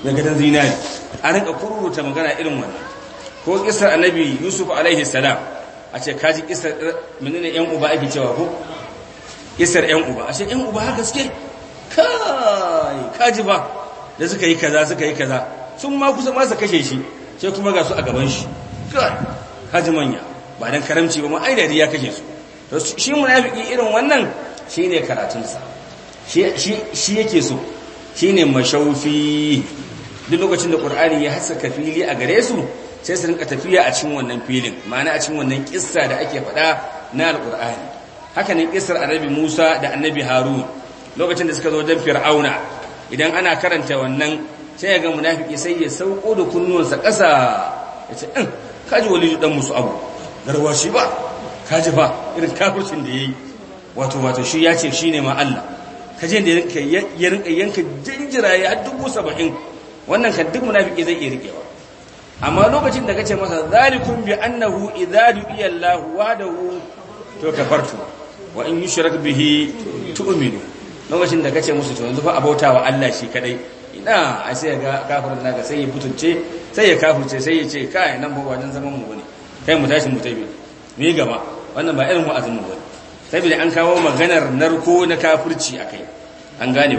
na gadon zinari a rinka kururuta magana irin wannan ko kisar annabi yusuf alaihi salam a ce kaji kisar menene yan uba ake cewa ko kisar yan uba a ce yan uba haka suke kai kaji ba da suka yi kaza suka yi kaza sun ma kusa masa kashe shi sai kuma ga su a gaban shi kaji manya ba don karamci ba ma ai da ya kashe su shi muna munafiki irin wannan shi shine karatunsa shi yake so Shi ne mashaufi duk lokacin da ƙur'ani ya haskaka fili a gare su sai su rinka tafiya a cikin wannan filin ma'ana a cikin wannan kissa da ake faɗa na alƙur'ani. haka ne kissar annabi Musa da annabi Harun lokacin da suka zo wajen Fir'auna idan ana karanta wannan sai ya ga munafiki sai ya sauko da kunnuwansa ƙasa ya ce in eh, kaji wali dan musu abu garwashi ba kaji ba irin kafircin da ya yi. wato wato shi ya ce shine ma Allah je da ya rinka yanka jinjiraye a dubu saba'in wannan kan duk munafiki zai iya rikewa amma lokacin da kace masa zalikum bi annahu idza du'iya Allah wahdahu to kafartu wa in yushrak bihi tu'minu lokacin da kace musu to yanzu fa abautawa Allah shi kadai ina a sai ga kafirin ga sai ya fitunce sai ya kafuce sai ya ce kai nan ba wajen zaman mu bane kai mu tashi mu tafi mu yi gaba wannan ba irin wa'azin mu bane saboda an kawo maganar narko na kafirci kai, an gane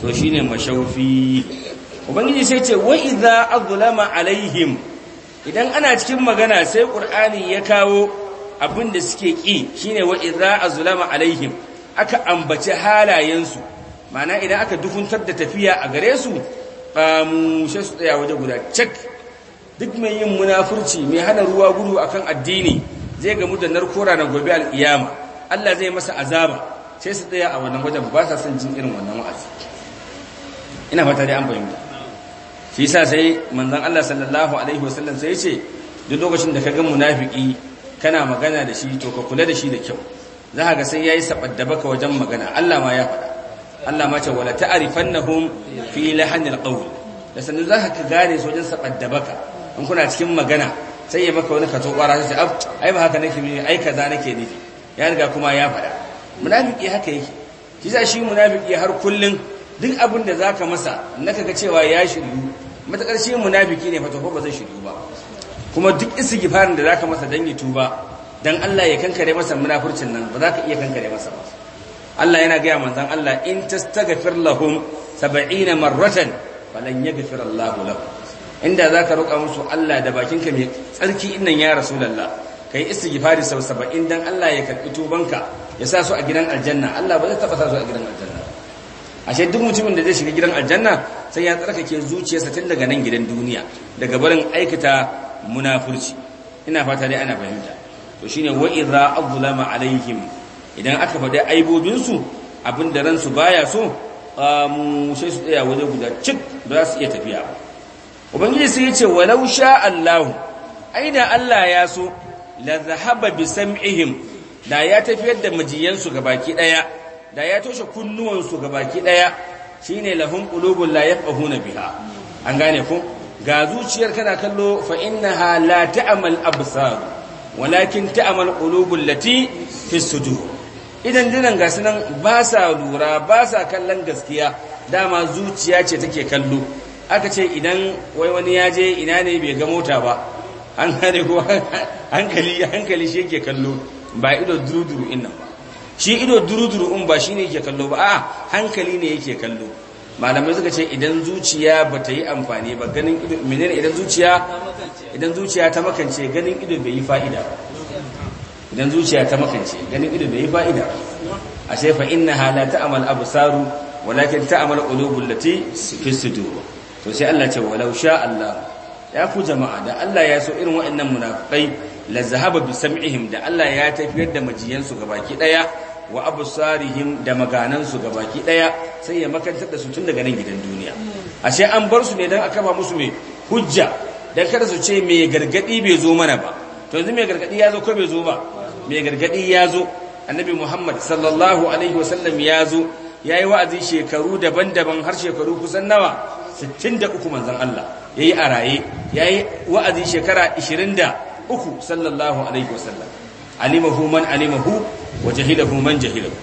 so to ne mashaufi ubangiji sai ce wa idza azlama alaihim idan ana cikin magana sai qur'ani ya kawo abin da suke ki shine wa idza azlama alaihim aka ambaci halayensu Mana idan aka dukuntar da tafiya a gare su mu sai su tsaya waje guda cak duk mai yin munafurci mai hana ruwa gudu akan addini zai gamu da narkora na gobe al'iyama Allah zai masa azaba sai su tsaya a wannan wajen ba sa son jin irin wannan wa'azi ina fata dai an fahimta shi yasa sai manzon Allah sallallahu alaihi wasallam sai ya ce duk lokacin da ka ga munafiki kana magana da shi to ka kula da shi da kyau za ka ga sai yayi sabadda baka wajen magana Allah ma ya faɗa Allah ma ce wala ta'rifannahum fi lahanil qawl da sanin za ka gane su wajen sabadda baka in kuna cikin magana sai ya maka wani kato kwara sai ai ba haka nake ne ai kaza nake nufi ya riga kuma ya faɗa munafiki haka yake shi za shi munafiki har kullun duk abin da zaka masa naka ga cewa ya shiru matakar shi munafiki ne fatofa ba zai shiru ba kuma duk farin da zaka masa dan ya tuba dan Allah ya kankare masa munafurcin nan ba za ka iya kankare masa ba Allah yana gaya manzon Allah in tastaghfir lahum 70 marratan falan yaghfir Allah lahum inda zaka roƙa musu Allah da bakinka mai tsarki innan ya rasu lalla. kai istighfari sau 70 dan Allah ya karbi tubanka ya sa su a gidan aljanna Allah ba zai taba sa su a gidan aljanna ashe duk mutumin da zai shiga gidan aljanna sai ya tsarkake zuciyarsa tun daga nan gidan duniya daga barin aikata munafurci ina fata dai ana fahimta to shine wa idza azlama alaihim idan aka faɗi aibobinsu abin da ransu baya so mu sai su tsaya waje guda cik ba za su iya tafiya ubangiji sai ya ce walau sha Allah da Allah ya so la zahaba bi sam'ihim da ya tafiyar da majiyansu gabaki daya da ya toshe kunnuwan kunnuwansu baki daya shine lahum qulubun la yafahuna biha an gane ko ga zuciyar kana kallo fa innaha la ta'mal absar walakin ta'mal qulubul lati fi sudur idan dinan gasu nan ba sa lura ba sa kallon gaskiya dama zuciya ce take kallo aka ce idan wai wani ya je ina ne bai ga mota ba an gane ko hankali hankali shi yake kallo ba ido duruduru inna ba shi ido duruduru in ba shi ne yake kallo ba a hankali ne yake kallo malamai suka ce idan zuciya ba ta yi amfani ba ganin ido menene idan zuciya idan zuciya ta makance ganin ido bai yi fa'ida idan zuciya ta makance ganin ido bai yi fa'ida a sai fa inna hala ta'mal absaru walakin ta'mal qulubul lati fi sudur to sai Allah ce walau sha Allah ya ku jama'a da Allah ya so irin waɗannan munafiqai la zahaba bi sam'ihim da Allah ya tafiyar da majiyansu gabaki daya wa absarihim da maganansu gabaki daya sai ya makantar da su tun daga nan gidan duniya ashe an bar su ne dan aka ba musu mai hujja dan kada su ce mai gargadi bai zo mana ba to yanzu mai gargadi ya zo ko bai zo ba mai gargadi ya zo annabi Muhammad sallallahu alaihi wasallam ya zo yayi wa'azi shekaru daban-daban har shekaru kusan nawa 63 manzon Allah ya yi a raye ya yi wa'azi shekara 23 sallallahu alaihi wasallam alimahu man alimahu wa jahilahu man jahilahu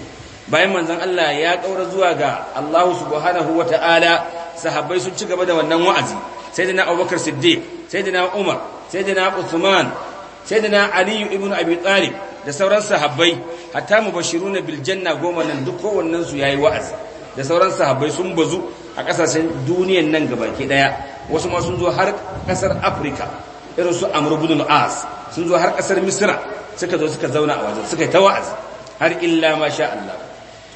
bayan manzon Allah ya ƙaura zuwa ga Allah subhanahu wa ta'ala sahabbai sun ci gaba da wannan wa'azi sai sayyidina Abubakar Siddiq sayyidina Umar sai sayyidina sai sayyidina aliyu ibn Abi Talib da sauran sahabbai hatta mubashiruna na biljanna goma nan duk kowannensu su yi wa'azi da sauran sahabbai sun bazu a kasashen duniyan nan gabaki ɗaya. wasu ma sun zo har kasar afirka irin su amr as sun zo har kasar misra suka zo suka zauna a wajen suka yi ta wa'azi har illa ma sha Allah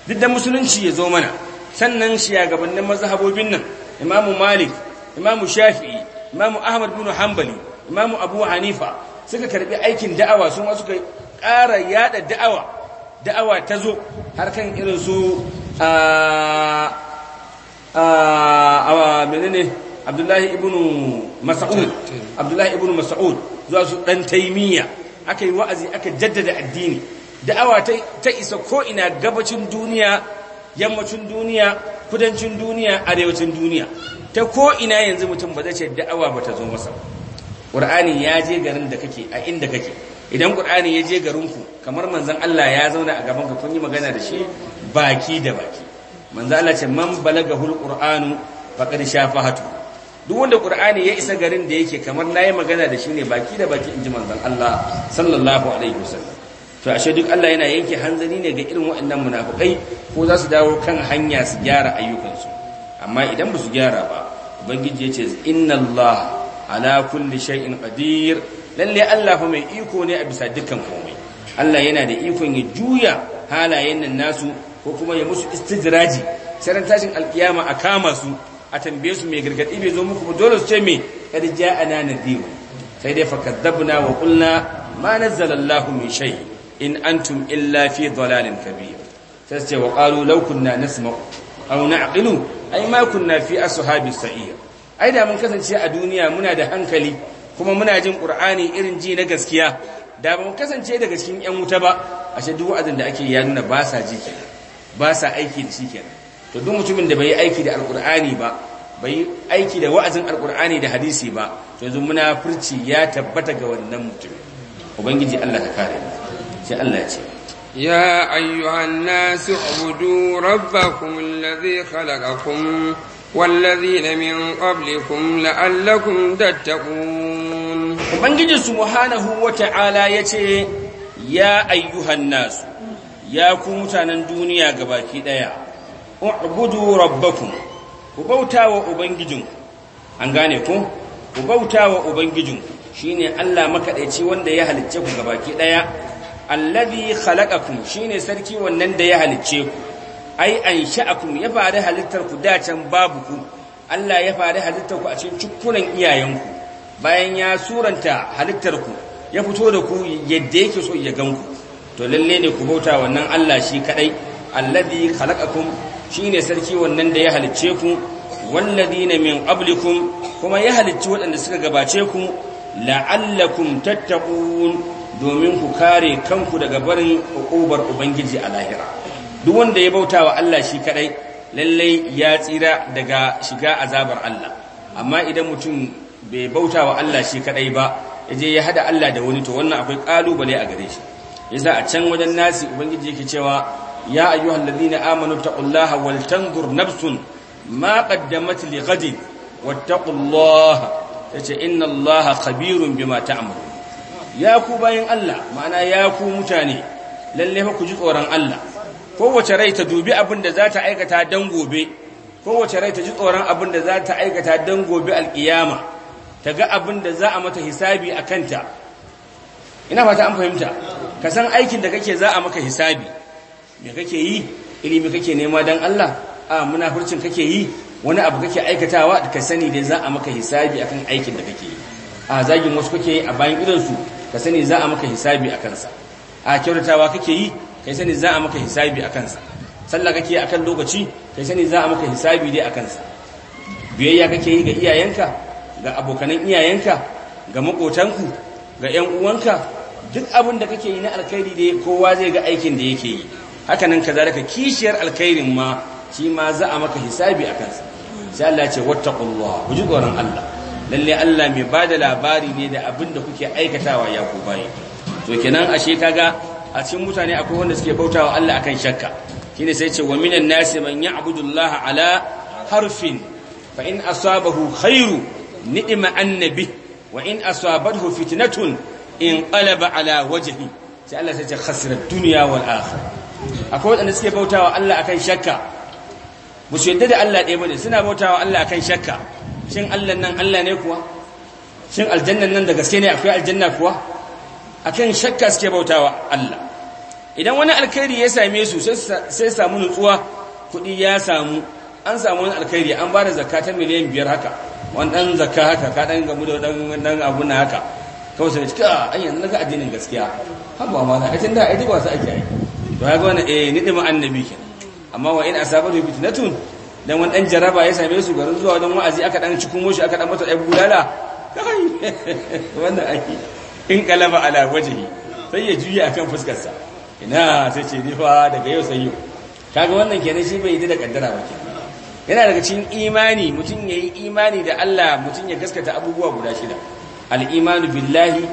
duk da musulunci ya zo mana sannan gabanin mazhabobin nan imamu malik imam shafi'i imamu ahmad bin hanbali imamu abu hanifa suka karbi aikin da'awa su ma suka ƙara yada da'awa da'awa ta zo har kan irin su a ah, a ah, ah, menene abdullahi ibn mas'ud abdullahi ibn mas'ud zuwa su dan taymiya aka yi wa'azi aka jaddada addini da'awa ta isa ko ina gabacin duniya yammacin duniya kudancin duniya arewacin duniya ta ko ina yanzu mutum ba zai ce da'awa ba ta zo masa qur'ani ya je garin da kake a inda kake idan qur'ani ya je garin ku kamar manzon Allah ya zauna a gaban ka kun yi magana da shi baki da baki manzo Allah ce man balagahul qur'anu faqad shafahatu duk wanda qur'ani ya isa garin da yake kamar nayi magana da shi ne baki da baki inji manzon Allah sallallahu alaihi wasallam to ashe duk Allah yana yanke hanzari ne ga irin waɗannan munafikai ko za su dawo kan hanya su gyara ayyukansu amma idan ba su gyara ba ubangiji ya ce inna Allah ala kulli shay'in qadir lalle Allah fa mai iko ne a bisa dukkan komai Allah yana da ikon ya juya halayen nan nasu ko kuma ya musu istidraji sarantashin tashin alkiyama a kama su a tambaye su mai gargadi bai zo muku ba dole su ce mai ja a na nadhir sai dai fakadzabna wa kulna ma nazzala Allahu min shay in antum illa fi dhalalin kabir sai ce wa qalu law kunna nasma'u aw na'qilu ai ma kunna fi ashabis sa'ir ai da mun kasance a duniya muna da hankali kuma muna jin qur'ani irin ji na gaskiya da ba mun kasance daga cikin yan wuta ba ashe duk wa'azin da ake ya nuna ba sa ji ba sa aiki da shi kenan to duk mutumin da bai aiki da alkur'ani ba bai aiki da wa'azin alkur'ani da hadisi ba to yanzu munafurci ya tabbata ga wannan mutum ubangiji Allah ka kare sai Allah ya ce ya ayyuhan nasu ubudu rabbakum alladhi khalaqakum والذين min qablikum la'allakum tattaqun ubangiji subhanahu wata'ala yace ya ayyuhan nasu ya ku mutanen duniya gabaki daya u'budu rabbakum ku bautawa ubangijinku an gane ku ku bautawa ubangijinku shine Allah makadaici wanda ya halicce ku gabaki daya allazi khalaqakum shine sarki wannan da ya halicce ku ai ansha'akum ya fara halittar ku da can babu ku Allah ya fara halittar ku a cikin cukkunan iyayenku bayan ya suranta halittar ku ya fito da ku yadda yake so ya ganku to lalle ne ku bauta wannan Allah shi kadai allazi khalaqakum shine sarki wannan da ya halicce ku walladina min ablikum kuma ya halicci waɗanda suka gabace ku la'allakun tattaqun domin ku kare kanku daga barin hukubar ubangiji a lahira duk wanda ya bauta wa Allah shi kadai lallai ya tsira daga shiga azabar Allah amma idan mutum bai bauta wa Allah shi kadai ba ya je ya haɗa Allah da wani to wannan akwai ƙalubale a gare shi yasa a can wajen nasi ubangiji yake cewa يا أيها الذين آمنوا اتقوا الله ولتنظر نفس ما قدمت لغد واتقوا الله إن الله خبير بما تعمل يا كوباين الله معنا يا كو متاني lalle fa ku ji tsoron Allah kowace rai ta dubi abin da za ta aikata dan gobe kowace rai ta ji tsoron abin da za ta aikata dan gobe alkiyama ta ga abin za a mata hisabi a kanta ina fata an fahimta ka san aikin da kake za a maka hisabi me kake yi ilimi kake nema dan Allah a munafurcin kake yi wani abu kake aikatawa ka sani dai za a maka hisabi akan aikin da kake yi a zagin wasu kake yi a bayan gidansu ka sani za a maka hisabi a kansa a kyautatawa kake yi kai sani za a maka hisabi a kansa sallah kake akan lokaci kai sani za a maka hisabi dai a kansa biyayya kake yi ga iyayenka ga abokanan iyayenka ga makotanku ga 'yan uwanka duk abin da kake yi na alkhairi dai kowa zai ga aikin da yake yi haka nan kazalika kishiyar alkhairin ma shi ma za a maka hisabi a kansa sai Allah ce wattaqullah ku ji tsoron Allah lalle Allah mai bada labari ne da abin da kuke aikatawa ya ku bayi to kenan ashe kaga a cikin mutane akwai wanda suke bautawa Allah akan shakka shine sai ce wa minan nasi man ya'budu Allah ala harfin fa in asabahu khairu ni'ma annabi wa in asabathu fitnatun in qalaba ala wajhi sai Allah sai ce khasira dunya wal akhirah akwai waɗanda suke bauta wa Allah akan shakka ba su yadda da Allah ɗaya bane suna bauta wa Allah akan shakka shin Allah nan Allah ne kuwa shin aljannan nan da gaske ne akwai aljanna kuwa akan shakka suke bauta wa Allah idan wani alkhairi ya same su sai samu nutsuwa kuɗi ya samu an samu wani alkhairi an ba da zakka ta miliyan biyar haka wani ɗan zakka haka ka ɗan gamu da ɗan abu na haka kawai sai ka an yanzu na ga addinin gaskiya haba ma na aikin da aiki ba su ake aiki to ga wannan eh nidimin annabi kenan amma wa in asabatu fitnatun dan wani dan jaraba ya same su garin zuwa wajen wa'azi aka dan cikin moshi aka dan mata ɗan bulala kai wannan ake in kalaba ala wajhi sai ya juya akan fuskar sa ina sai ce ni fa daga yau sai yau kaga wannan kenan shi bai yi da kaddara ba kenan yana daga cikin imani mutum yayi imani da Allah mutum ya gaskata abubuwa guda shida al-imanu billahi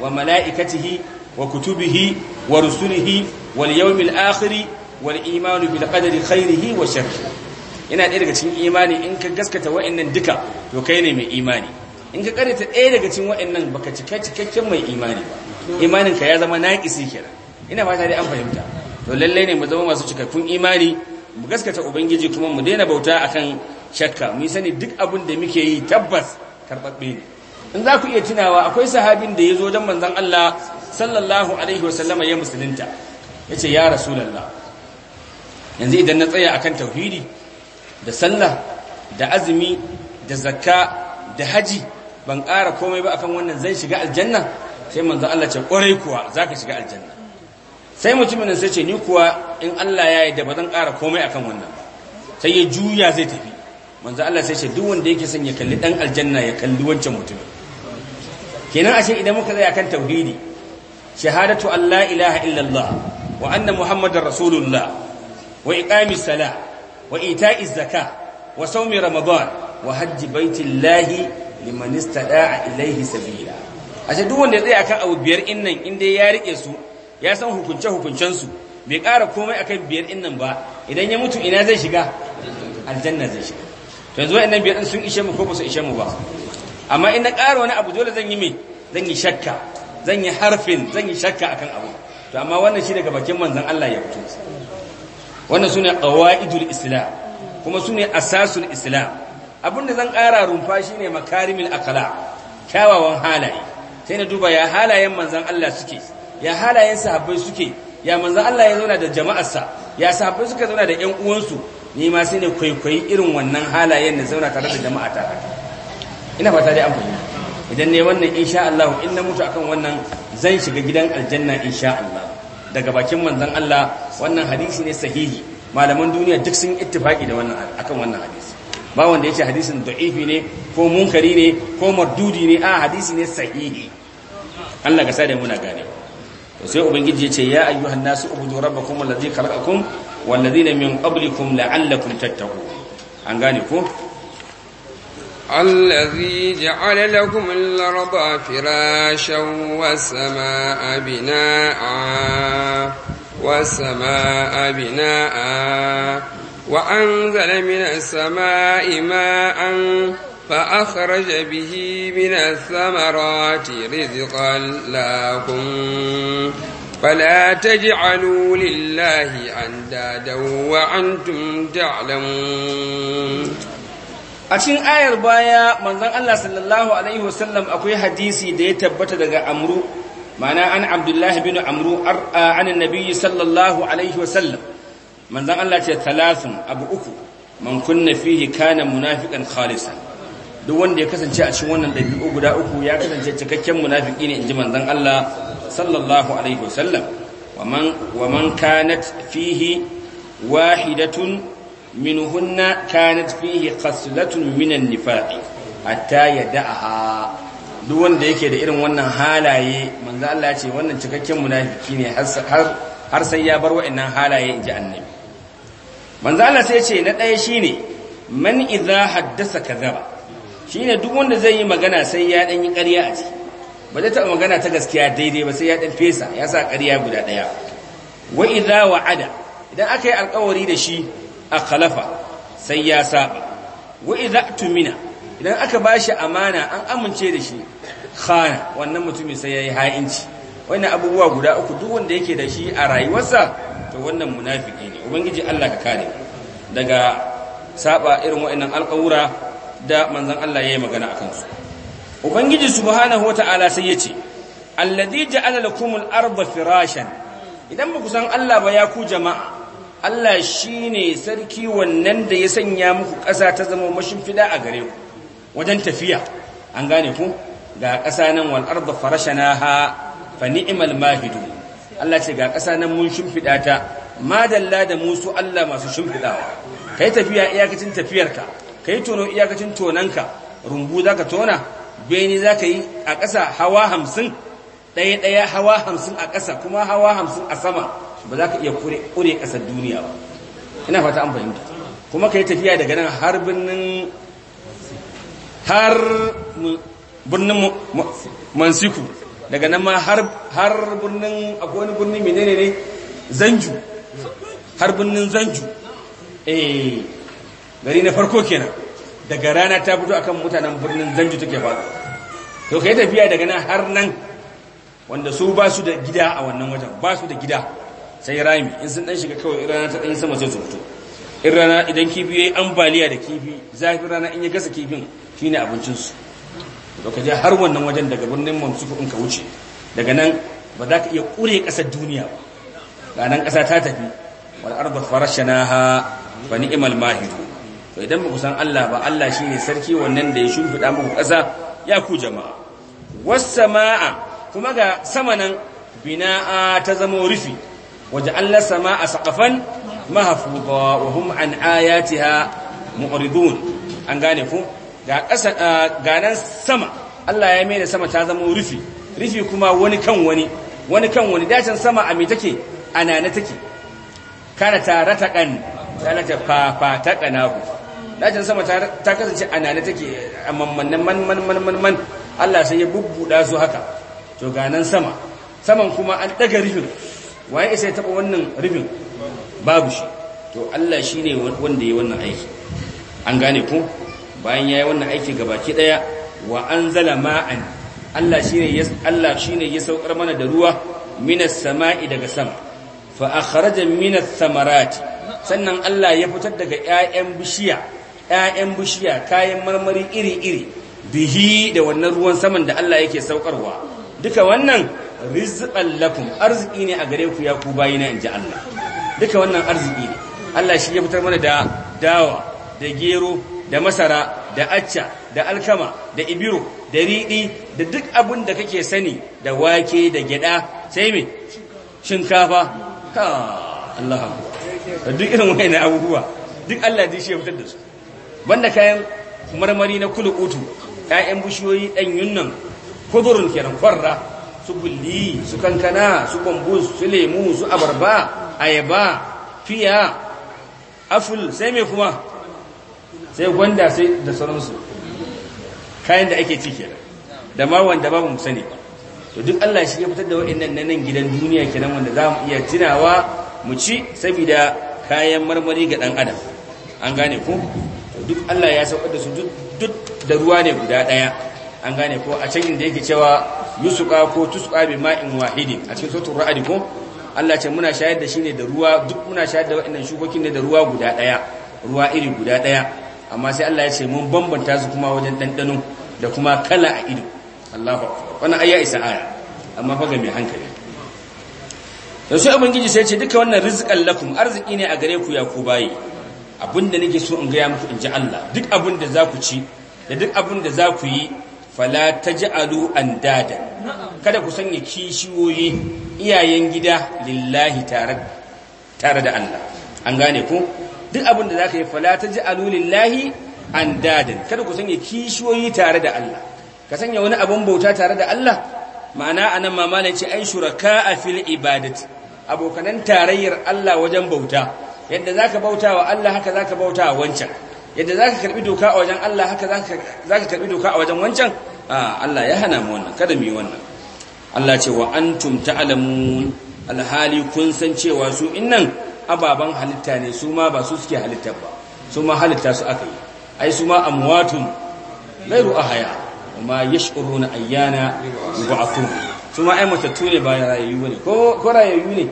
wa mala'ikatihi wa kutubihi wa rusulihi wal yawmil akhir wal iman bil wa ɗaya daga cikin imani in ka gaskata wa'annan duka to kai ne mai imani in ka karanta ɗaya daga cikin wa'annan baka cika cikakken mai imani ba imanin ka ya zama naqisi kenan ina fata dai an fahimta to lalle ne mu zama masu cikakkun imani mu gaskata ubangiji kuma mu daina bauta akan shakka mu sani duk abin da muke yi tabbas karɓaɓɓe ne in za ku iya tunawa akwai sahabin da ya zo don manzon Allah sallallahu alaihi wasallama ya musulunta ya ce ya rasulallah yanzu idan na tsaya akan tauhidi da sallah da azumi da zakka da haji ban ƙara komai ba akan wannan zai shiga aljanna sai manzo Allah ce kwarai kuwa zaka shiga aljanna sai mutumin sai ce ni kuwa in Allah ya yarda ba zan ƙara komai akan wannan sai ya juya zai tafi manzo Allah sai ce duk wanda yake son ya kalli dan aljanna ya kalli wancan mutumin kenan ashe idan muka tsaya kan tauhidi shahadatu an la ilaha illallah wa anna muhammadar rasulullah wa iqamis sala wa ita'iz zaka wa sawmi ramadan wa hajji baitillahi liman istada'a ilayhi sabila ashe duk wanda zai akan abu biyar innan inda ya rike su ya san hukunce hukuncen su bai ƙara komai akan biyar innan ba idan ya mutu ina zai shiga aljanna zai shiga to yanzu wa'annan biyar sun ishe mu ko ba su ishe mu ba amma in na ƙara wani abu dole zan yi me zan yi shakka zan yi harfin zan yi shakka akan abu to amma wannan shi daga bakin manzon Allah ya fito wannan sune qawaidul islam kuma sune asasul islam abinda zan ƙara rumfa shine makarimul akala kyawawan halaye sai na duba ya halayen manzon Allah suke ya halayen sahabbai suke ya manzon Allah ya zauna da jama'arsa ya sahabbai suka zauna da ƴan uwansu ni ma sai ne kwaikwayi irin wannan halayen da zauna tare da jama'a ta ina fata dai an fahimta idan ne wannan insha Allah in na mutu akan wannan zan shiga gidan aljanna insha Allah daga bakin manzon Allah wannan hadisi ne sahihi malaman duniya duk sun ittifaki da wannan akan wannan hadisi ba wanda yace hadisin da'ifi ne ko munkari ne ko mardudi ne a hadisi ne sahihi Allah ka sa da muna gane sai ubangiji yace ya ayyuhan nasu ubudu rabbakum alladhi khalaqakum wal ladina min qablikum la'allakum tattaqun an gane ko الذي جعل لكم الأرض فراشا والسماء بناء والسماء بناء وأنزل من السماء ماء فأخرج به من الثمرات رزقا لكم فلا تجعلوا لله أندادا وأنتم تعلمون a cikin ayar baya manzon Allah sallallahu alaihi wasallam akwai hadisi da ya tabbata daga amru ma'ana an abdullahi bin amru an annabi sallallahu alaihi wasallam manzon Allah ce talathun abu uku man kunna fihi kana munafiqan khalisan duk wanda ya kasance a cikin wannan dabi'u guda uku ya kasance cikakken munafiki ne inji manzon Allah sallallahu alaihi wasallam wa man wa man kanat fihi wahidatun minhunna kanat fihi khaslatun minan nifaqi hatta yada'aha duk wanda yake da irin wannan halaye manzo Allah ya ce wannan cikakken munafiki ne har har sai ya bar wa'annan halaye inji annabi manzo Allah sai ya ce na ɗaya shine man idza haddasa kadhaba shine duk wanda zai yi magana sai ya dan yi ƙarya a ciki ba zai taɓa magana ta gaskiya daidai ba sai ya dan fesa ya sa ƙarya guda ɗaya wa idza wa'ada idan aka yi alƙawari da shi a kalafa sai ya saba wa idza tumina idan aka bashi amana an amince da shi khana wannan mutumi sai yayi ha'inci wannan abubuwa guda uku duk wanda yake da shi a rayuwarsa to wannan munafiki ne ubangiji Allah ka kare daga saba irin wa'annan alƙawura da manzon Allah yayi magana akan su ubangiji subhanahu wata'ala sai yace alladhi ja'ala lakumul arda firashan idan ba ku san Allah ba ya ku jama'a Allah shi ne sarki wannan da ya sanya muku ƙasa ta zama mashimfida a gare ku wajen tafiya an gane ku ga ƙasa nan da farashana ha fa ni'mal mahidu Allah ce ga ƙasa nan mun shimfida ta madalla da musu Allah masu shimfidawa yi tafiya iyakacin tafiyarka Ka yi tono iyakacin tonanka rumbu za ka tona beni ka yi a ƙasa hawa hamsin ɗaya ɗaya hawa hamsin a ƙasa kuma hawa hamsin a sama ba za ka iya kure ƙasar duniya ba ina fata an fahimta kuma ka yi tafiya daga nan har birnin har birnin mansiku daga nan ma har birnin akwai wani birnin menene ne zanju har birnin zanju eh gari na farko kenan daga rana ta fito akan mutanen birnin zanju take faɗo to ka yi tafiya daga nan har nan wanda su ba su da gida a wannan wajen ba su da gida sai rami in sun dan shiga kawai rana ta dan sama sai su fito in rana idan kifi yayi ambaliya da kifi zafin rana in ya gasa kifin shine abincin su to ka je har wannan wajen daga birnin Mamsuku in ka wuce daga nan ba za ka iya kure kasar duniya ba ranan kasa ta tafi wal ardu farashnaha fa ni'mal mahidu to idan ba ku san Allah ba Allah shine sarki wannan da ya shimfida muku kasa ya ku jama'a was samaa kuma ga sama nan bina'a ta zama rufi وجعلنا السماء سقفا محفوظا وهم عن آياتها معرضون an gane ku ga ƙasa ga nan sama Allah ya mai da sama ta zama rufi rufi kuma wani kan wani wani kan wani dacin sama a me take anana take kana ta ratakan kana ta fafa ta kanahu dacin sama ta kasance anana take amman man man man man man Allah sai ya bubbuda su haka to ga nan sama saman kuma an ɗaga rufin waye isa ya taba wannan rufin babu shi to Allah shine wanda ya wannan aiki an gane ko bayan yayi wannan aiki gabaki daya wa anzala ma'an Allah shine ya ya saukar mana da ruwa minas sama'i daga sama fa akhraja minas samarati sannan Allah ya fitar daga 'ya'yan bishiya ƴaƴan bishiya kayan marmari iri-iri bihi da wannan ruwan saman da Allah yake saukarwa duka wannan rizqan lakum arziki ne a gare ku ya ku bayina inji Allah duka wannan arziki ne Allah shi ya fitar mana da dawa da gero da masara da acca da alkama da ibiro da ridi da duk abun da kake sani da wake da gyada sai me shinkafa ha Allah duk irin wayannan abubuwa duk Allah shi ya fitar da su banda kayan marmari na kulukutu ƴaƴan bishiyoyi ɗanyun nan kudurun kenan farra su bulli su kankana su kambu, su lemu su abarba ayaba fiya aful sai mai kuma sai gwanda sai da sauransu kayan da ake cike. da ma wanda ba mu sani to duk Allah shi ya fitar da wa'annan na nan gidan duniya kenan wanda za mu iya tunawa mu ci saboda kayan marmari ga ɗan adam an gane ku? to duk Allah ya saukar da su duk da ruwa ne guda daya an gane ko a cikin da yake cewa yusuka ko tusuka bi ma'in wahidi a cikin sautin ra'adi ko Allah ce muna shayar da shi ne da ruwa duk muna shayar da waɗannan shukokin ne da ruwa guda daya ruwa iri guda daya amma sai Allah ya ce mun bambanta su kuma wajen dandano da kuma kala a ido Allahu wannan ayya isa aya amma fa ga mai hankali to sai ubangiji sai ce duka wannan rizqan lakum arziki ne a gare ku ya ku bayi abinda nake so in ga ya muku in ji Allah duk abinda za ku ci da duk abinda za ku yi fala an dada, kada ku sanya kishiyoyi iyayen gida lillahi tare da Allah an gane ku duk abin da zaka yi fala taj'alu lillahi andadan kada ku sanya kishiyoyi tare da Allah ka sanya wani abin bauta tare da Allah ma'ana anan mamala ce ai a fil ibadat, abokanan tarayyar Allah wajen bauta yadda zaka bauta wa Allah haka zaka bauta wa wancan yadda za ka karɓi doka a wajen Allah haka za ka karɓi doka a wajen wancan Allah ya hana mu wannan kada mu yi wannan Allah ce wa antum ta'lamun alhali kun san cewa su innan ababan halitta ne su ma ba su suke halitta ba su ma halitta su aka yi ai su ma amwatun ghairu ahya amma yash'uruna ayyana yub'athun su ma ai matattu ne ba rayayyu ne ko ko rayayyu ne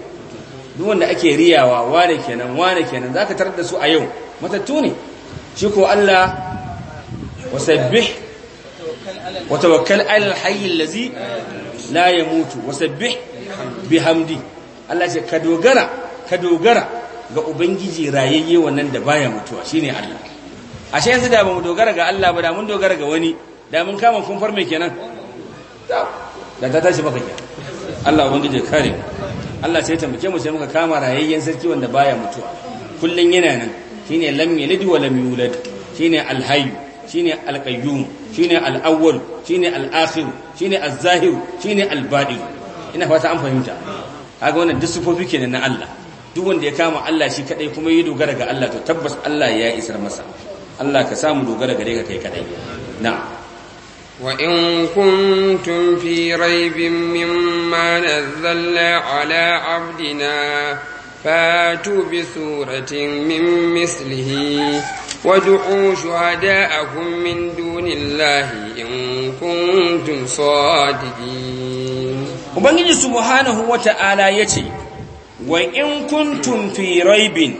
duk wanda ake riyawa wane kenan wane kenan zaka tarar da su a yau matattu ne shi ko Allah wasabbih wa tawakkal al hayy allazi la yamutu wasabbih bihamdi Allah ce ka dogara ka dogara ga ubangiji rayayye wannan da baya mutuwa shine Allah ashe yanzu da mu dogara ga Allah ba da mun dogara ga wani da mun kama kun farme kenan da ta tashi baka kenan Allah ubangiji kare Allah sai ya tambake mu sai muka kama rayayyen sarki wanda baya mutuwa kullun yana nan shi ne lam ladi wa lam yulad shine alhayy shine alqayyum ne alawwal shi alakhir shine azzahir ne albadi ina fata an fahimta kaga wannan duk sifofi kenan na Allah duk wanda ya kama Allah shi kadai kuma ya dogara ga Allah to tabbas Allah ya isar masa Allah ka samu dogara gare ka kai kadai na'am وإن كنتم في ريب مما نزلنا على عبدنا فاتوا بسورة من مثله وادعوا شهداءكم من دون الله إن كنتم صادقين Ubangiji subhanahu wa ta'ala ya ce, Wa in fi raibin,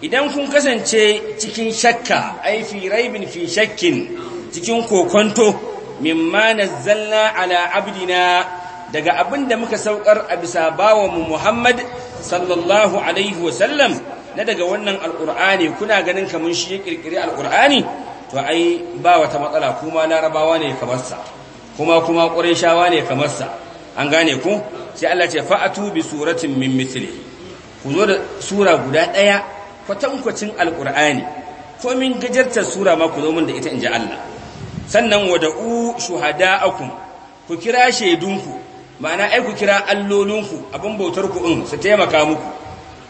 idan kun kasance cikin shakka, ai fi raibin fi shakkin cikin kokonto, mimma nazzalna ala abdina daga abin da muka saukar a bisa bawanmu Muhammad sallallahu alaihi wasallam na daga wannan alkur'ani kuna ganin kaman shi ya kirkiri alkur'ani to ai ba wata matsala kuma larabawa ne kamar sa kuma kuma qurayshawa ne kamar sa an gane ku sai Allah ce fa'atu bi suratin min mithli ku zo da sura guda daya kwatankwacin alkur'ani ko min gajartar sura ma ku zo mun da ita inji Allah sannan wada'u shuhada'akum ku kira shaidunku ma'ana ai ku kira allolinku abin bautar ku in su taimaka muku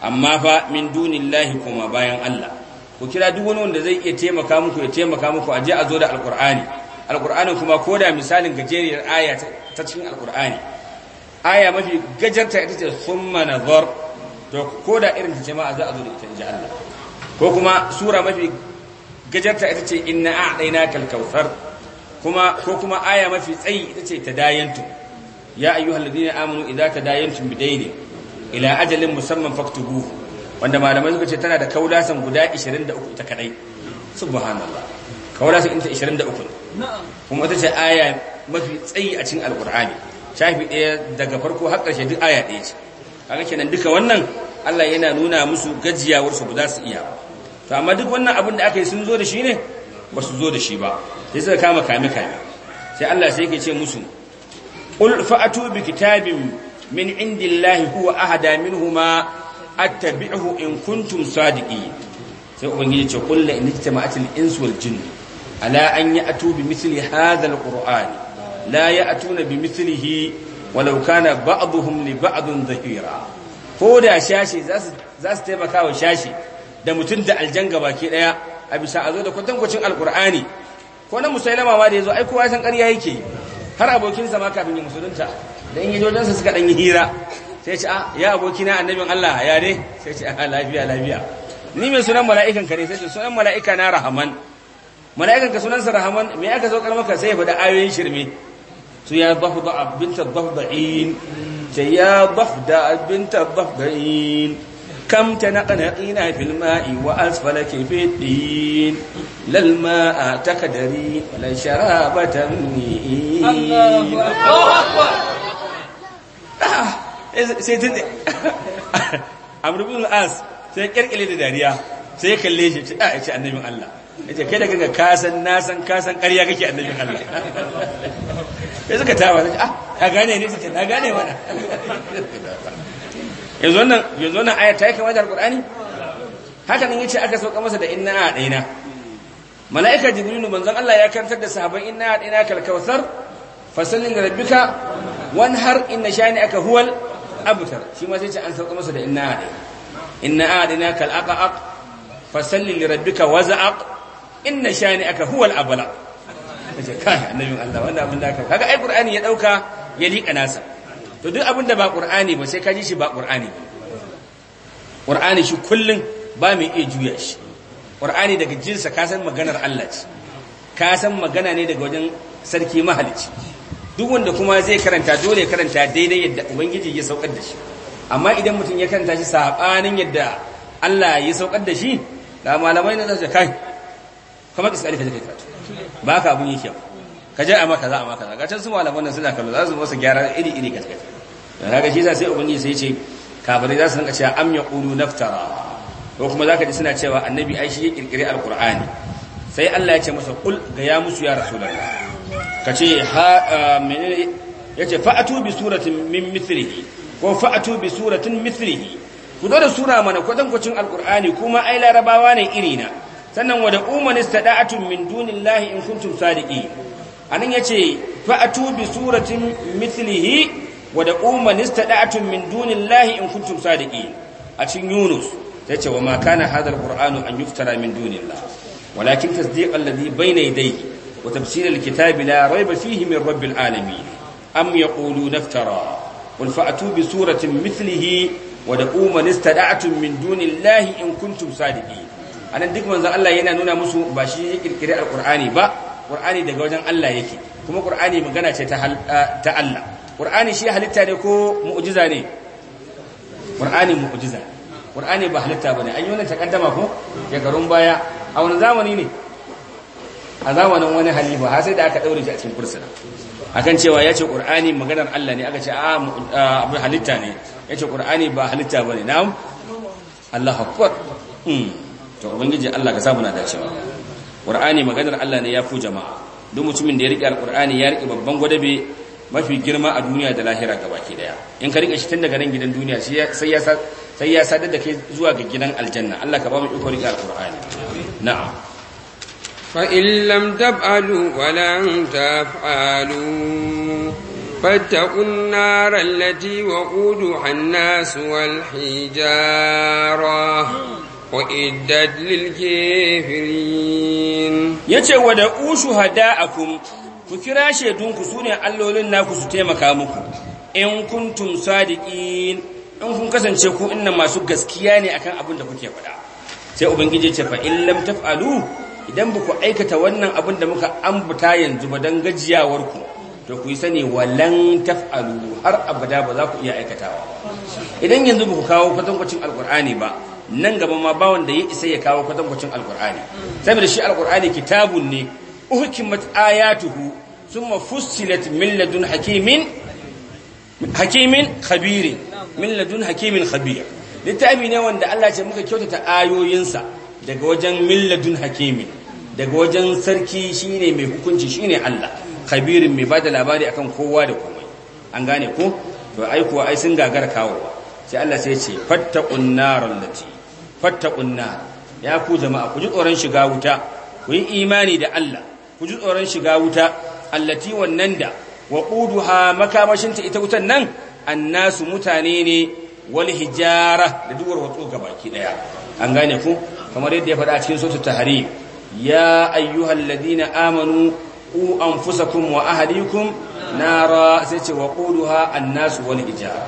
amma fa min dunillahi kuma bayan Allah ku kira duk wani wanda zai iya taimaka muku ya taimaka muku a je a zo da alkur'ani alkur'anin kuma ko da misalin gajeriyar aya ta cikin alkur'ani aya mafi gajarta ita ce summa nazar to ko da irin ta jama'a za a zo da ita inji Allah ko kuma sura mafi gajarta ita ce inna a'dainakal kautsar kuma ko kuma aya mafi tsayi ita ce tadayantu ya ayyuhal ladina amanu idza tadayantum bidayni ila ajalin musamman faktubu wanda malamai suka ce tana da kaulasan guda 23 ta kadai subhanallah kaulasan ita 23 kuma ta ce aya mafi tsayi a cikin alqur'ani shafi ɗaya daga farko har karshe duk aya ɗaya ce kaga kenan duka wannan Allah yana nuna musu gajiyawar su ba za su iya to amma duk wannan abin da aka yi sun zo da shi ne ba su zo da shi ba sai suka kama kame kame sai Allah sai yake ce musu Ulfa atubi kitabin min indillahi huwa ahada minhuma attabi'uhu in kuntum sadiqin sai ubangiji ce kulla la in ijtama'atil insu wal jinn ala an ya'tu bi mithli hadha al qur'an la ya'tuna bi mithlihi walau kana ba'dhum li ba'dhin dhahira ko da shashi zasu zasu taimaka wa da mutun da aljanga baki daya a bisa azo da kwatankwacin alqur'ani ko na musailama ma da yazo ai kowa san ƙarya yake har abokinsa ma kafin ya musulunta dan yi dodansa suka dan yi hira sai ce a ah, ya abokina annabin Allah ya ne sai ce a ah, lafiya lafiya ni mai sunan mala'ikan ka ne sai ce sunan mala'ika na rahaman mala'ikan ka sunansa rahaman me aka zo kar maka sai ya faɗi ayoyin shirme su ya dhafda binta dhafda'in ce ya dhafda binta dhafda'in كم تنقنقين في الماء وأسفل في الدين للماء تقدري ولا شرابة مني الله أكبر sai tun abubuwan as sai kirkile da dariya sai kalle shi ce a ce annabin Allah ya ce kai da kaga kasan nasan kasan ƙarya kake annabin Allah ya suka tawa na ce ah na gane ne su ce na gane wana yanzu wannan yanzu wannan aya ta yi kamar da alqur'ani haka nan yace aka sauka masa da inna a daina malaika jibrilu manzon Allah ya kantar da sahabban inna a daina kal kautsar fasallin rabbika wan har inna shani aka huwal abtar shi ma sai ce an sauka masa da inna a daina inna a daina kal aqaq fasallin rabbika wazaq inna shani aka huwal abla kace kai annabi Allah wannan abin da aka kaga ai qur'ani ya dauka ya liƙa nasa to duk abin da ba qur'ani ba sai ka ji shi ba qur'ani ba qur'ani shi kullum ba mai iya juya shi ƙurani daga jinsa ka san maganar Allah ce ka san magana ne daga wajen sarki mahalici duk wanda kuma zai karanta dole ya karanta daidai yadda ubangiji ya saukar da shi amma idan mutum ya karanta shi sabanin yadda Allah ya saukar da shi da malamai na zai kai kamar iska alifin da kai ba ka abun yake ba ka je a maka za a maka za ka su malaman nan suna kallo za su masa gyara iri iri kace kace to kaga shi sai ubangiji sai ce kafirai za su rinka cewa am ya yaqulu naftara ko kuma za ka ji suna cewa annabi ai shi ya kirkire alƙur'ani. sai Allah ya ce masa kul ga ya musu ya Ka ce ha menene yace fa'atu bi suratin min mithlihi ko fa'atu bi suratin mithlihi ku zo da sura mana kwatankwacin alƙur'ani kuma ai larabawa ne irina sannan wa da umanista da'atun min dunillahi in kuntum sadiqin anan yace fa'atu bi suratin mithlihi wa da umanista min dunillahi in kuntum sadiqin a cikin yunus tace wa ma kana hadha alqur'anu an yuftara min dunillah walakin tasdiq alladhi bayna yadayhi wa tafsir alkitabi la rayba fihi min rabbil alamin am yaquluna iftara qul fa'tu bi suratin mithlihi wa da umanista min dunillahi in kuntum sadiqin anan duk manzon Allah yana nuna musu ba shi ya kirkire alqur'ani ba qur'ani daga wajen Allah yake kuma qur'ani magana ce ta ta Allah qur'ani shi halitta ne ko mu'jiza ne qur'ani mu'jiza qur'ani ba halitta bane an yi wannan takaddama ko shekarun baya a wani zamani ne a zamanin wani halifa har sai da aka daure shi a cikin fursuna akan cewa ya ce qur'ani maganar Allah ne aka ce a ah, ah, abu halitta ne ya ce qur'ani ba halitta bane na'am Allahu akbar hmm. to ubangiji Allah ka samu na dacewa ƙur'ani maganar Allah ne ya ku jama'a duk mutumin da ya rike alkur'ani ya rike babban gwadabe mafi girma a duniya da lahira baki daya in ka rike shi tun daga nan gidan duniya sai ya sadar da kai zuwa ga gidan aljanna Allah ka ba mu iko riƙe alqur'ani na'am fa in lam tab'alu wa lam فاتقوا النار التي وقودها الناس والحجاره uiddat lil kafirin yace wa da ushu hada'akum ku kira shedunku sune allolin naku su taimaka muku in kuntum sadiqin in kun kasance ku inna masu gaskiya ne akan abin da kuke faɗa sai ubangiji ce fa in lam taf'alu idan ba ku aikata wannan abin da muka ambata yanzu ba dan gajiyawar ku to ku yi sani walan taf'alu har abada ba za ku iya aikatawa idan yanzu ba ku kawo kwatankwacin alkur'ani ba nan gaba ma ba wanda ya isa ya kawo kwatankwacin alkur'ani saboda shi alkur'ani kitabun ne uhkimat ayatuhu thumma fussilat min ladun hakimin hakimin khabir min ladun hakimin khabir littafi ne wanda Allah ce muka kyautata ayoyinsa daga wajen min ladun hakimin daga wajen sarki shine mai hukunci shine Allah khabirin mai bada labari akan kowa da komai an gane ko to ai kuwa ai sun gagara kawo sai Allah sai ce fattaqun narallati fattaqun nar ya ku jama'a ku tsoron shiga wuta ku yi imani da Allah ku ji tsoron shiga wuta allati wannan da waquduha makamashinta ita wutan nan annasu mutane ne wal hijara da duwar ga baki ɗaya an gane ku kamar yadda ya faɗa a cikin suratul tahrim ya ayyuhalladhina amanu qu anfusakum wa ahlikum nara sai ce waquduha annasu wal hijara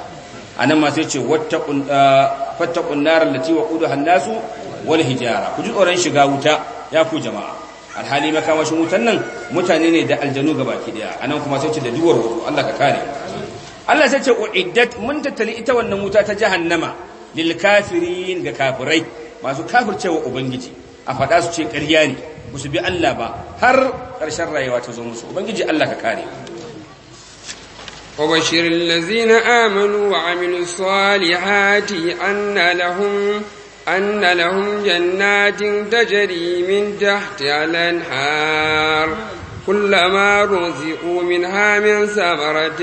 anan ma sai ce wattaqun ah, fattaqun nar allati waqudaha an-nasu wal hijara ku ji tsoron shiga wuta ya ku jama'a alhali makamashin wutan nan mutane ne da aljanu gabaki daya anan kuma sai ce da duwar wuta Allah ka kare Allah sai ce uiddat mun tattali ita wannan wuta ta jahannama lil kafirin ga kafirai masu kafircewa ubangiji a faɗa su ce ƙarya ne su bi Allah ba har ƙarshen rayuwa ta zo musu ubangiji Allah ka kare وبشر الذين آمنوا وعملوا الصالحات أن لهم أن لهم جنات تجري من تحتها الأنهار كلما رزقوا منها من ثمرة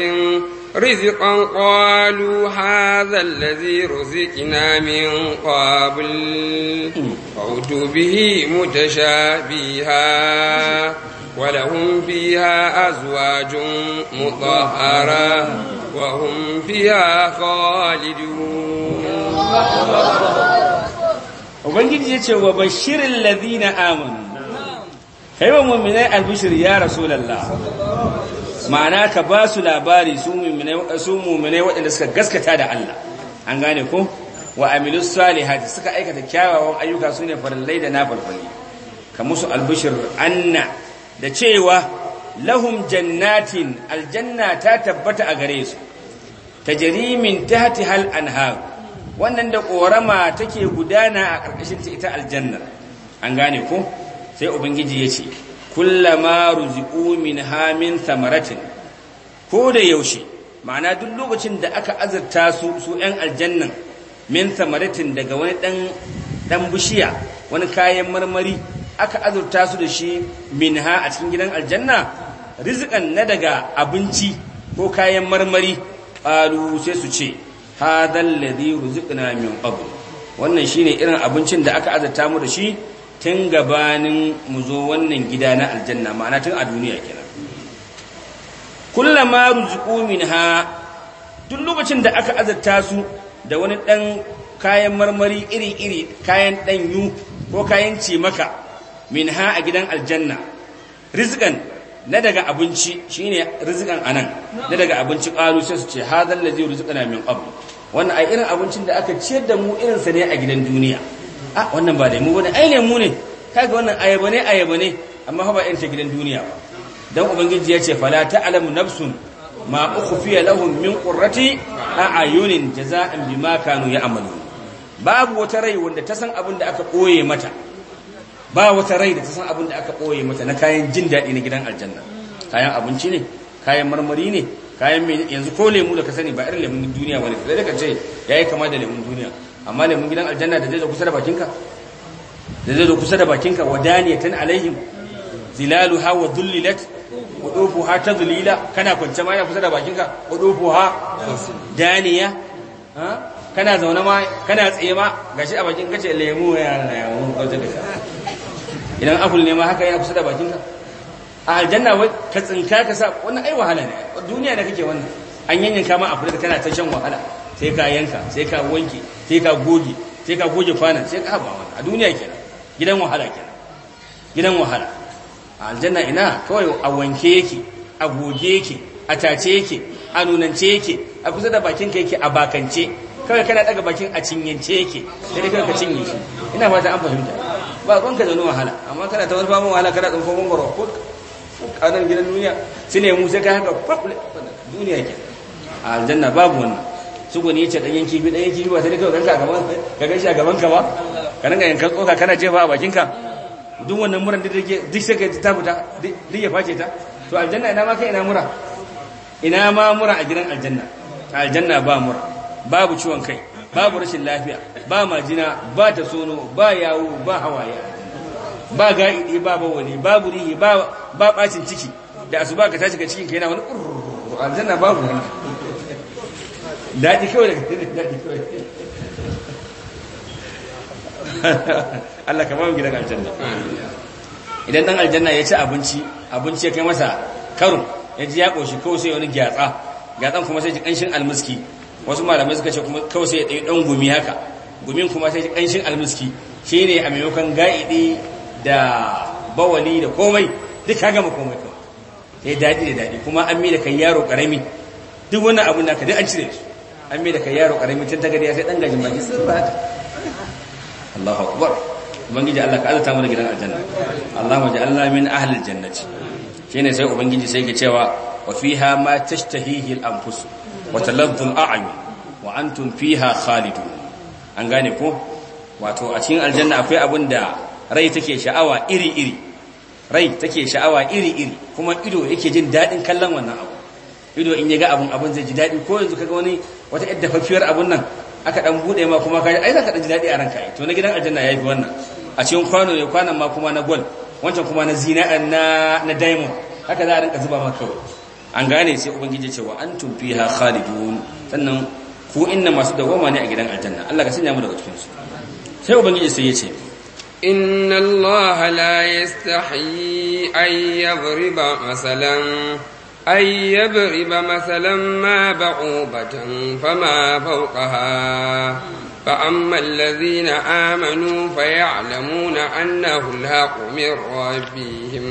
رزقا قالوا هذا الذي رزقنا من قبل فأتوا به متشابها ولهم فيها أزواج مطهرة وهم فيها خالدون Ubangiji ya ce wa bashirin lazina amanu, kai wa mummunai albishir ya Rasulallah, ma'ana ka ba su labari su mummunai waɗanda suka gaskata da Allah, an gane ko? Wa amilus salihati suka aikata kyawawan ayyuka su farallai da na farfari, ka musu albishir anna da cewa lahum jannatin aljanna ta tabbata a gare su ta hati hal an anhar wannan da korama take gudana a karkashin ta ita aljanna an gane ko sai ubangiji yace kullama ruziqu minha min thamaratin ko da yaushe ma'ana duk lokacin da aka azurta su su yan aljannan min thamaratin daga wani dan bishiya wani kayan marmari aka azurta su da shi minha a cikin gidan aljanna rizikan na daga abinci ko kayan marmari qalu sai su ce hadal ladhi ruziqna min qabl wannan shine irin abincin da aka azurta mu da shi tun gabanin mu zo wannan gida na aljanna ma'ana tun a duniya kenan kullama ruziqu minha duk lokacin da aka azurta su da wani dan kayan marmari iri-iri kayan ɗanyu ko kayan cimaka min ha a gidan aljanna rizqan na daga abinci shine rizqan anan na daga abinci qalu sai su ce hadal allazi rizqana min qabl wannan ai irin abincin da aka ciyar da mu irin sa ne a gidan duniya a ah, wannan ba mu bane ai ne mu ne kaga wannan ayaba ne ayaba ne amma fa ba irin ta gidan duniya ba dan ubangiji ya ce fala ta'lamu nafsun ma ukhfiya lahum min qurrati a'yunin jaza'an bima kanu ya'malu babu wata rai wanda ta san abin da aka koye mata ba wata rai da ta san abin da aka ɓoye mata na kayan jin daɗi na gidan aljanna kayan abinci ne kayan marmari ne kayan mai yanzu ko lemu da ka sani ba irin lemun duniya wani da daga ce ya yi kama da lemun duniya amma lemun gidan aljanna da zai zo kusa da bakinka da zai zo kusa da bakinka wa daniyatan alaihim ha wa dhullilat wa dufuha tadlila kana kwance ma kusa da bakinka wa dufuha daniya kana zaune ma kana tsaye ma gashi a bakin kace lemu ya na ya mun kaje da idan apple ne ma haka ya kusa da bakinka a aljanna wai ka tsinka ka sa wannan ai wahala ne duniya ne kake wannan an ka ma a da kana ta shan wahala sai ka yanka sai ka wanke sai ka goge sai ka goge kwanan sai ka haba wannan a duniya kenan gidan wahala kenan gidan wahala a aljanna ina kawai a wanke yake a goge yake a tace yake a nunance yake a kusa da bakin ka yake a bakance kawai kana daga bakin a cinyance yake sai dai kawai ka cinye shi ina fata an fahimta ba ruwanka ka wani wahala amma kana ta wani ba wahala kana tsunfo mangoro ko a gidan duniya su ne mu sai ka haka kwakwale duniya ke a aljanna babu wannan su ko ya ce ɗanyen kifi ɗanyen kifi ba sai kawai ganka gaban ka gaishe a gaban ka ba ka dinga yankan tsoka kana jefa a bakin ka duk wannan muran da take duk sai ka ta fita duk ya face ta to aljanna ina ma kai ina mura ina ma mura a gidan aljanna aljanna ba mura babu ciwon kai babu rashin lafiya ba majina ba ta sono ba yawo ba hawaye ba ga'idi ba wani, ba rihi ba bacin ciki da asuba ka tashi ga cikin ka yana wani ƙurru aljanna babu wani daɗi kawai daga daɗi kawai Allah ka mu gidan aljanna idan dan aljanna ya ci abinci abinci ya kai masa karo ya ji ya ƙoshi kawai sai wani gyatsa gyatsan kuma sai ji ƙanshin almiski wasu malamai suka ce kuma kawai sai ya ɗaya ɗan gumi haka gumin kuma sai ƙanshin almiski shi ne a maimakon ga'iɗi da bawali da komai duk ka gama komai kawai sai daɗi da daɗi kuma an da kan yaro ƙarami duk wannan abun naka duk an cire su an da kan yaro ƙarami tun ta gari ya sai ɗan gajin baki sun ba haka Allahu akbar ubangiji Allah ka azata mu da gidan aljanna Allahumma ja'alna min ahli aljannati shine sai ubangiji sai ke cewa wa fiha ma tashtahihi al-anfus wata laddul a'ami wa antum fiha khalidu an gane ko wato a cikin aljanna akwai abin da rai take sha'awa iri-iri rai take sha'awa iri-iri kuma ido yake jin daɗin kallon wannan abu ido in ya ga abun abun zai ji daɗi ko yanzu kaga wani wata yadda fafiyar abun nan aka dan buɗe ma kuma kaji ai ka dan ji daɗi a ranka to na gidan aljanna yayi wannan a cikin kwano ne kwanan ma kuma na gold wancan kuma na zina na na diamond haka za a rinka zuba maka kawai an gane sai ubangiji ce wa antum fiha khalidun sannan ku inna masu dawama ne a gidan aljanna Allah ka sanya mu daga cikin su sai ubangiji sai ya ce inna Allah la yastahi ay yadriba masalan ay yadriba masalan ma ba'ubatan fama fawqaha فأما الذين آمنوا فيعلمون أنه الحق من ربهم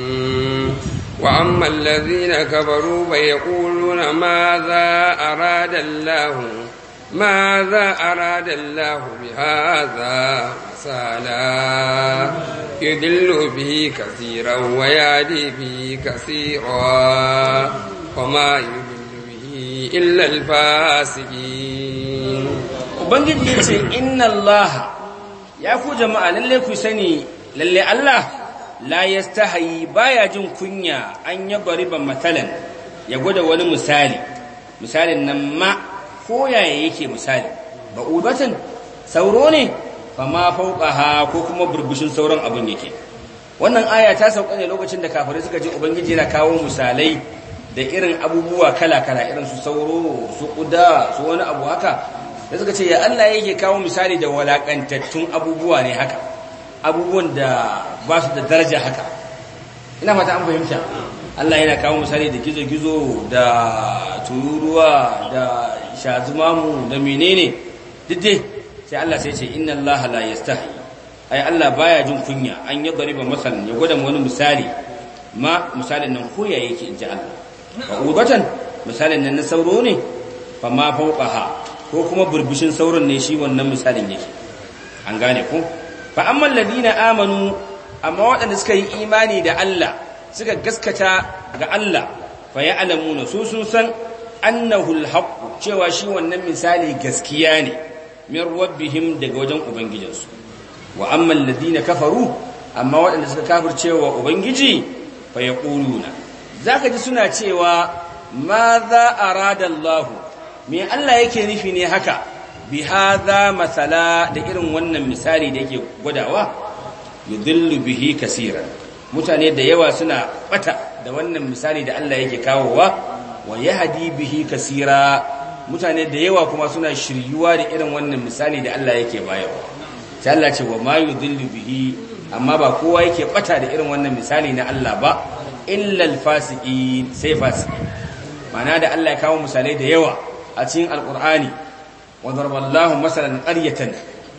وأما الذين كفروا فيقولون ماذا أراد الله ماذا أراد الله بهذا مثالا يدل به كثيرا ويهدي به كثيرا وما يدل به إلا الفاسقين وبنجد يقول إن الله يا كو جماعة للي كو سني للي الله la yastahi baya jin kunya an ya bariba matalan ya gwada wani misali misalin nan ma ko yaya yake misali ba ubatan sauro ne fa ma ha, ko kuma burbushin sauran abun yake wannan aya ta sauka ne lokacin da kafirai suka ji ubangiji yana kawo misalai da irin abubuwa kala-kala irin su sauro su kuda su wani abu haka da suka ce ya Allah yake kawo misali da walakantattun abubuwa ne haka abubuwan da ba su da daraja haka ina fata an fahimta Allah yana kawo misali da gizo-gizo da tururuwa da shazumamu da menene didde sai Allah sai ce inna Allah la yastahi ai Allah baya jin kunya an yi gariba masal, ya gwada wani misali ma misalin nan koya yake ji Allah ba ubatan misalin nan na sauro ne fa ma fauqaha ko kuma burbushin sauron ne shi wannan misalin yake an gane ko fa amman ladina amanu amma waɗanda suka yi imani da Allah suka gaskata ga Allah fa ya'lamuna su sun san annahu alhaq cewa shi wannan misali gaskiya ne min rabbihim daga wajen ubangijinsu wa amma alladina kafaru amma waɗanda suka kafircewa ubangiji fa yaquluna zaka ji suna cewa ma za arada Allah me Allah yake nufi ne haka bi hadha masala da irin wannan misali da yake gwadawa yudillu bihi kaseeran mutane da yawa suna bata da wannan misali da Allah yake kawowa wa yahdi bihi kaseera mutane da yawa kuma suna shiryuwa da irin wannan misali da Allah yake bayarwa sai Allah ce wa ma yudillu bihi amma ba kowa yake bata da irin wannan misali na Allah ba illa al-fasiqin sai fasiki mana da Allah ya kawo misalai da yawa a cikin alqur'ani وضرب الله مثلا قرية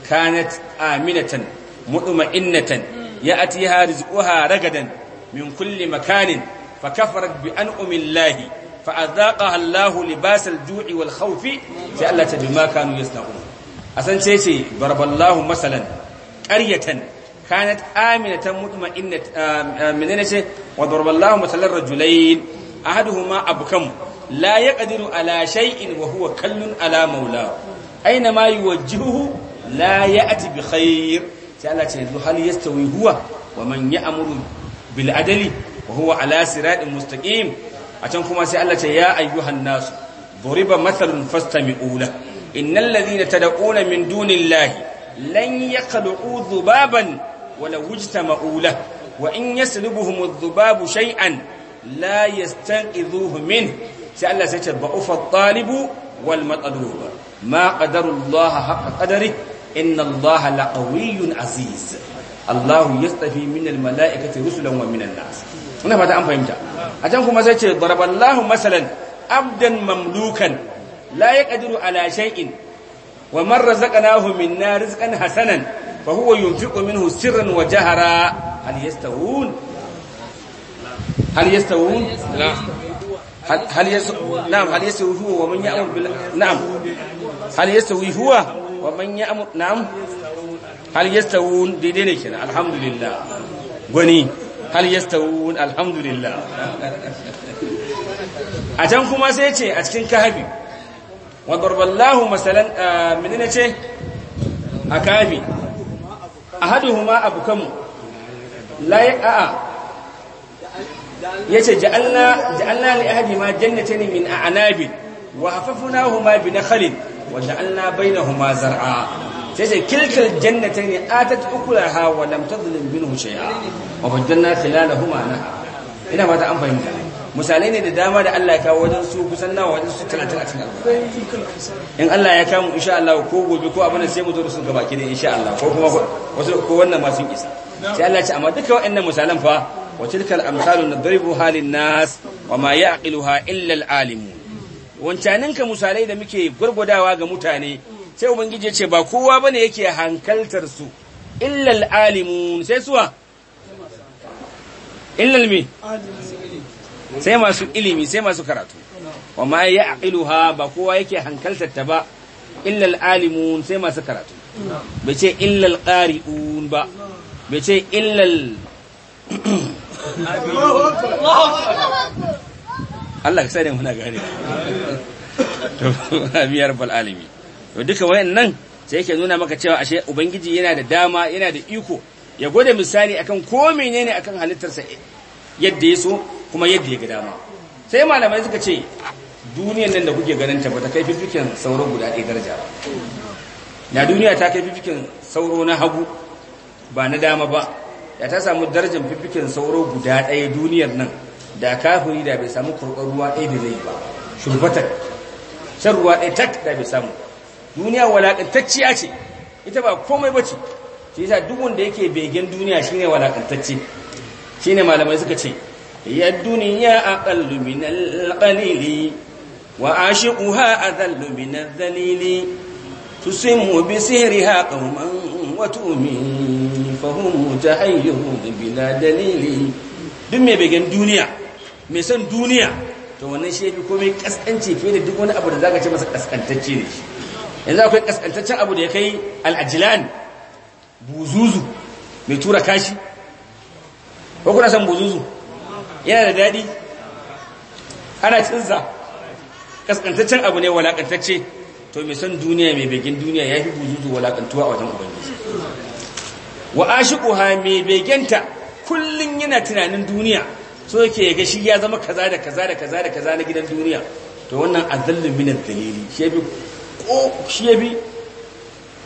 كانت آمنة مطمئنة يأتيها رزقها رغدا من كل مكان فكفرت بأنعم الله فأذاقها الله لباس الجوع والخوف سألت بما كانوا يصنعون أسان سيسي ضرب الله مثلا قرية كانت آمنة مطمئنة من وضرب الله مثلا الرجلين أحدهما أبكم لا يقدر على شيء وهو كل على مولاه aina ma yuwajjihu la ati bi khair sai Allah ce yanzu hal yastawi huwa wa man ya'muru bil adali wa huwa ala siratin mustaqim a can kuma sai Allah ce ya ayyuhan nas duriba mathalun fastami'u la innal ladhina tad'una min dunillahi lan yaqdu'u dhubaban wala wujtama'u la wa in yaslubuhum adh-dhubabu shay'an la yastanqidhuhu min sai Allah sai ce ba'ufa at-talibu wal matlub ma allah haqqa qadari inna allaha laqawiyyun aziz allahu yastafi min almalaikati rusulan wa min annas ina fata an fahimta a can kuma sai ce daraballahu masalan abdan mamlukan la yaqdiru ala shay'in wa man razaqnahu minna rizqan hasanan fa huwa yunfiqu minhu sirran wa jahara hal yastawun hal yastawun la هل يسوء نعم هل يسوء هو ومن يأمر بال نعم hal yastawi huwa wa man ya'mur na'am hal yastawun daidai ne kenan alhamdulillah gwani hal yastawun alhamdulillah a can kuma sai ce a cikin kahabi wa darballahu masalan menene ce a kahabi ahaduhuma abukamu la ya'a yace ja'alna ja'alna li ahadi ma jannatayn min anabi wa hafafnahuma bi nakhlin wa ja'alna huma zar'a sai sai ne a ta tukula ha wa lam tadhlim minhu shay'a wa baddalna huma na ina ba an fahimta misalai ne da dama da Allah ya kawo wajen su kusan nawa wajen su 30 a in Allah ya kawo insha Allah ko gobe ko abin da sai mu zo su gaba ki da insha Allah ko kuma wasu ko wannan ma sun isa sai Allah ya ce amma duka waɗannan misalan fa wa tilkal amsalu nadribu halin nas wa ma ya'qiluha illa al-alimun wancaninka misalai da muke gurgudawa ga mutane sai ubangiji ce ba kowa bane yake hankaltar su illal alimun sai suwa illal me sai masu ilimi sai masu karatu wa ma ya'qiluha ba kowa yake hankaltar ta ba illal alimun sai masu karatu bai ce illal qari'un ba bai ce illal Allah ka sa da muna gane to amiyar bal alimi to duka wayannan sai yake nuna maka cewa ashe ubangiji yana da dama yana da iko ya gode misali akan ko menene akan halittarsa yadda ya so kuma yadda ya ga dama sai malamai suka ce duniyar nan da kuke ganin ta bata kai fifikin sauro guda ɗaya daraja ba na duniya ta kai fifikin sauro na hagu ba na dama ba ya ta samu darajar fifikin sauro guda ɗaya duniyar nan da kafiri da bai samu kurɓar ruwa ɗaya da zai ba shurbatar shan ruwa ɗaya tak da bai samu duniya walaƙantacciya ce ita ba komai ba ce shi yasa duk wanda yake begen duniya shine shi shine malamai suka ce ya duniya aqallu min al-qalili wa ashiquha adallu min al-dhalili tusimu bi sihriha qauman wa tu'min fahum mutahayyirun bila dalili duk mai begen duniya mai son duniya to wannan shi yafi komai kaskance fiye da duk wani abu da za ka ce masa kaskantacce ne yanzu akwai kaskantaccen abu da ya kai al'ajilan buzuzu mai tura kashi ko kuna son buzuzu yana da daɗi ana cinza kaskantaccen abu ne walakantacce to mai son duniya mai begin duniya ya fi buzuzu walakantuwa a wajen ubangiji wa ashiquha mai begenta kullum yana tunanin duniya so yake ga shi ya zama kaza da kaza da kaza da kaza na gidan duniya to wannan azallin minan dalili shi bi ko shi bi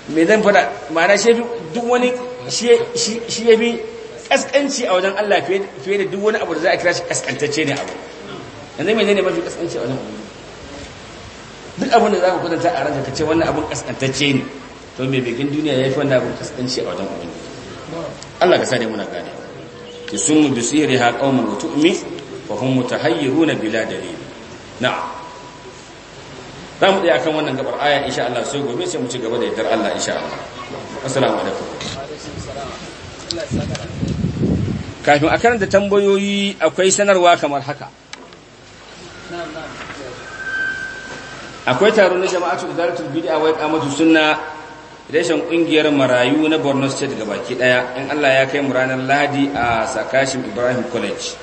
me zan fada ma'ana shi bi duk wani shebi bi kaskanci a wajen Allah fiye da duk wani abu da za a kira shi kaskantacce ne abu yanzu me ne mafi kaskanci a wajen Allah duk abin da za ka kudanta a ranka ka ce wannan abin kaskantacce ne to me bikin duniya ya fi wannan abin kaskanci a wajen Allah Allah ka sa dai muna gane يسم بصيرها قوما وتؤمي فهم متحيرون بلا دليل نعم za mu kan wannan gabar aya insha Allah sai gobe sai mu ci gaba da yardar Allah insha Allah assalamu alaikum kafin a karanta tambayoyi akwai sanarwa kamar haka akwai taron na jama'atul idaratul bid'a wa iqamatu sunna reshen kungiyar marayu na borno state ga baki daya in allah ya kai mu ranar lahadi a sakashin ibrahim college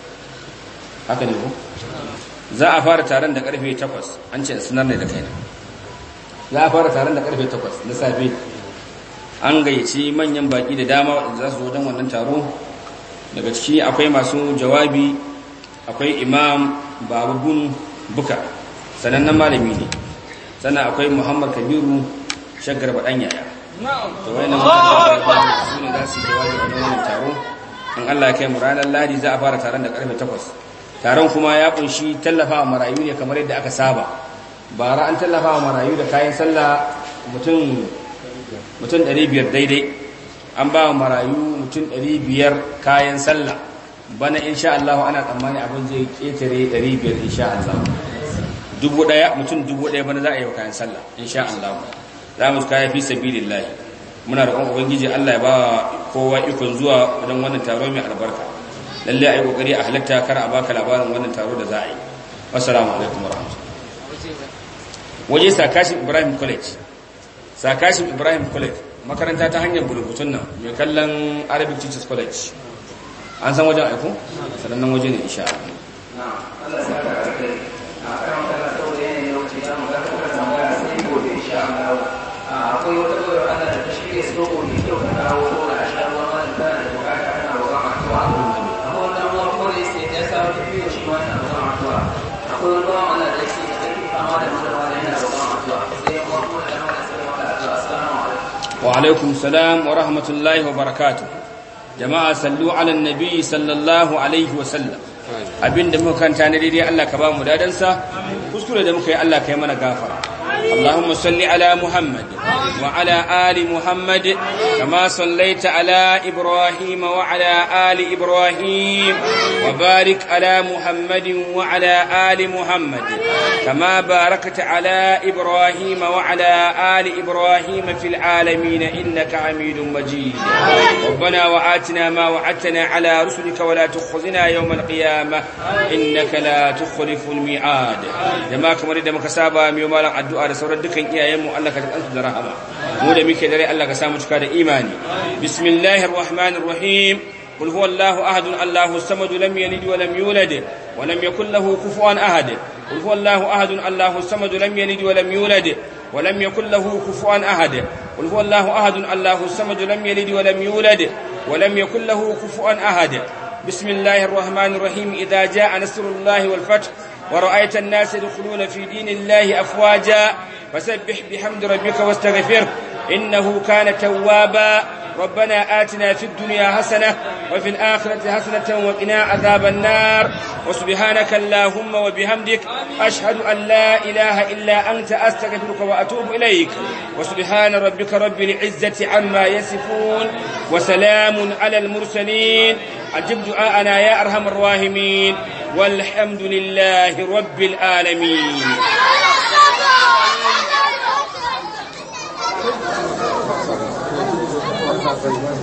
haka ne ko za a fara taron da karfe 8 an ce sanar ne da kaina za a fara taron da karfe 8 na safe an gayyaci manyan baki da dama wadanda za su zo don wannan taro daga ciki akwai masu jawabi akwai imam bababun buka sanannen malami ne sannan akwai muhammad kabiru shagar baɗan yaya to ne za su yi a taro in Allah ya kai mu ranar ladi za a fara taron da karfe 8 taron kuma ya kunshi wa marayu ne kamar yadda aka saba bara an tallafa wa marayu da kayan sallah mutum mutum 500 daidai an ba marayu mutum 500 kayan sallah bana insha Allah ana tsammani abin zai ketare 500 insha Allah dubu daya mutum dubu daya bana za a yi kayan sallah insha Allah za mu kaya fi sabilillah muna roƙon ubangiji Allah ya ba kowa ikon zuwa wajen wannan taro mai albarka lalle ai kokari a halatta kar a baka labarin wannan taro da za a yi assalamu alaikum waje sakashin Ibrahim College sakashin Ibrahim College makaranta ta hanyar bulubutun nan mai kallon Arabic Teachers College an san wajen aiko sanannan waje ne insha Allah wa alaikum salam wa rahmatullahi wa barakatuh jama'a sallu ala nabi sallallahu alaihi wa sallam abinda muka kanta ne daidai Allah ka bamu mu dadansa kuskure da muka yi Allah ka yi mana gafara Allahumma salli ala Muhammad وعلى آل محمد كما صليت على إبراهيم وعلى آل إبراهيم وبارك على محمد وعلى آل محمد كما باركت على إبراهيم وعلى آل إبراهيم في العالمين إنك حميد مجيد ربنا وآتنا ما وعدتنا على رسلك ولا تخزنا يوم القيامة إنك لا تخلف الميعاد جماعة كما رد مكسابا ميومالا الدعاء لسورة دكين إيا يمو الله كتب أنت ba da muke dare Allah ka samu cika da imani bismillahir rahmanir rahim qul huwallahu ahad allahu samad lam rahmanir rahim ورأيت الناس يدخلون في دين الله أفواجا فسبح بحمد ربك واستغفره إنه كان توابا ربنا آتنا في الدنيا حسنة وفي الآخرة حسنة وقنا عذاب النار وسبحانك اللهم وبحمدك أشهد أن لا إله إلا أنت أستغفرك وأتوب إليك وسبحان ربك رب العزة عما يصفون وسلام على المرسلين أجب دعاءنا يا أرحم الراحمين والحمد لله رب العالمين Thank you.